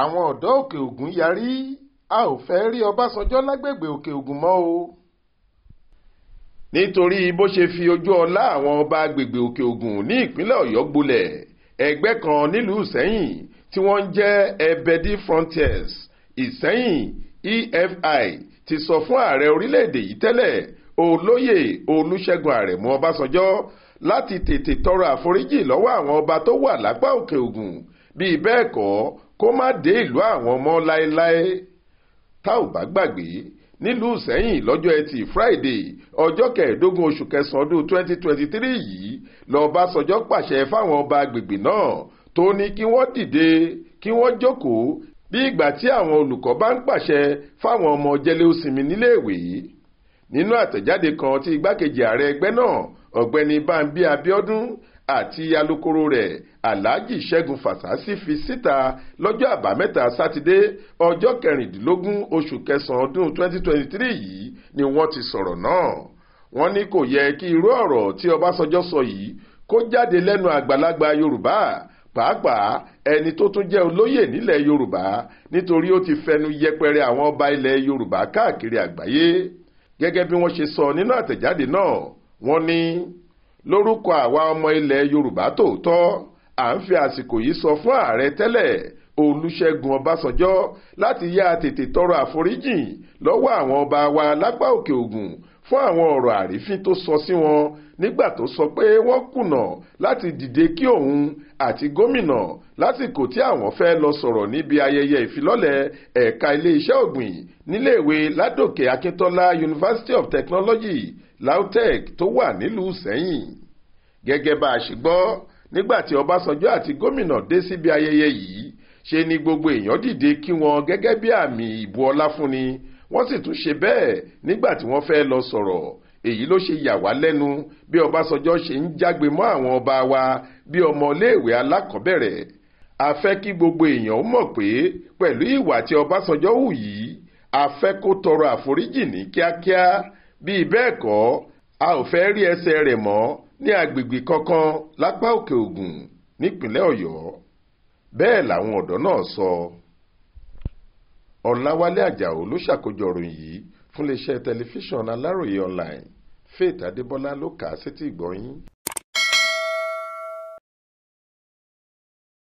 àwọn ọ̀dọ́ òkè ògùn yarí a ò fẹ́ rí ọbásanjọ́ lágbègbè òkè ògùn mọ́ o nítorí bó ṣe fi ojú ọlá àwọn ọba agbègbè òkè ògùn ní ìpínlẹ̀ ọ̀yọ́ gbolẹ̀ ẹgbẹ́ kan nílùú ìsẹ́yìn tí wọ́n ń jẹ́ ebedi frontiers ìsẹ́yìn EFI ti sọ fún ààrẹ orílẹ̀-èdè yìí tẹ́lẹ̀ olóyè olúṣẹ́gun àrẹ̀mú ọbásanjọ́ láti tètè tọrọ àforíjì lọ́wọ́ àwọn ọba tó wà lápá òkè ògùn bíi bẹ́ẹ̀ kọ́ kó má dé ìlú àwọn mọ́ láéláé tá ò bá gbàgbé nílùú Ìsẹ́yìn lọ́jọ́ ẹtì Friday ọjọ́ kẹẹ̀ẹ́dógún oṣù kẹsàn-án ọdún 2023 yìí lọ́básanjọ́ pàṣẹ fáwọn ọba agbègbè náà tó ní kí wọ́n dìde kí wọ́n jókòó bí ìgbà tí àwọn olùkọ́ bá ń pàṣẹ fáwọn ọmọ jẹ́lẹ́ òsinmi níléèwé nínú àtẹ̀jáde kan tí igbákejì ààrẹ ẹgbẹ́ náà ọ̀gbẹ́ni Bámbí Abíọ́dún àti alukoro rẹ̀ alhaji ṣẹ́gun fàṣásí fi síta lọ́jọ́ àbámẹ́ta sátidé ọjọ́ kẹrìndínlógún oṣù kẹsàn ọdún 2023 yìí ni wọ́n ti sọ̀rọ̀ náà wọ́n ní kò yẹ kí irú ọ̀rọ̀ tí ọbásanjọ́ sọ yìí kó jáde lẹ́nu àgbàlagbà yorùbá pàápàá ẹni tó tún jẹ́ olóyè nílẹ̀ yorùbá nítorí ó ti fẹnu yẹpẹrẹ àwọn ọba ilẹ̀ yorùbá káàkiri àgbáyé gẹ́gẹ́ bí wọ́n ṣe sọ nínú àtẹ̀jáde náà wọ́n ní lórúkọ àwa ọmọ ilẹ̀ yorùbá tòótọ́ à ń fi àsìkò yìí sọ fún ààrẹ tẹ́lẹ̀ olùṣègùn ọbásanjọ́ láti yá tètè tọrọ àforíjìn lọ́wọ́ àwọn ọba wa lápá òkè ògùn fún àwọn ọ̀rọ̀ àrífín tó sọ sí wọn nígbà tó sọ pé wọ́n kùnà láti dìde kí òun àti gómìnà lásìkò tí àwọn fẹ́ lọ sọ̀rọ̀ níbi ayẹyẹ ìfilọ́lẹ̀ ẹ̀ka iléeṣẹ́ ọ̀gbìn níléèwé ládòkè akíntọ́lá University of Technology LAUTECH tó wà nílùú sẹ́yìn gẹ́gẹ́ bá a ṣe gbọ́ nígbà tí ọbásanjọ́ àti gómìnà dé síbi ayẹyẹ yìí ṣe ni gbogbo èèyàn dìde kí wọn gẹ́gẹ́ bí àmì ìbu ọlá fúnni wọ́n sì tún ṣe bẹ́ẹ̀ nígbà tí wọ́n fẹ́ lọ sọ̀rọ̀ èyí ló ṣe yà wá lẹ́nu bí Ọbásanjọ́ ṣe ń jágbe mọ́ àwọn ọba wa bí ọmọléèwé alákọ̀ọ́bẹ̀rẹ̀ a fẹ́ kí gbogbo èèyàn mọ̀ pé pẹ̀lú ìwà tí Ọbásanjọ́ hù yìí a fẹ́ kó tọrọ àforíjì ní kíákíá bíi bẹ́ẹ̀ kọ́ a ò fẹ́ rí ẹsẹ̀ rẹ̀ mọ́ ní agbègbè kankan lápá òkè Ògùn nípínlẹ̀ Ọ̀yọ́ bẹ́ẹ̀ làwọn ọ̀dọ́ náà sọ. So ọ̀làwálé àjàò ló ṣàkójọ ròyìn yìí fún iléeṣẹ́ tẹlifíṣàn aláròye online faith adébọlá ló kà á sétí ìgbọ́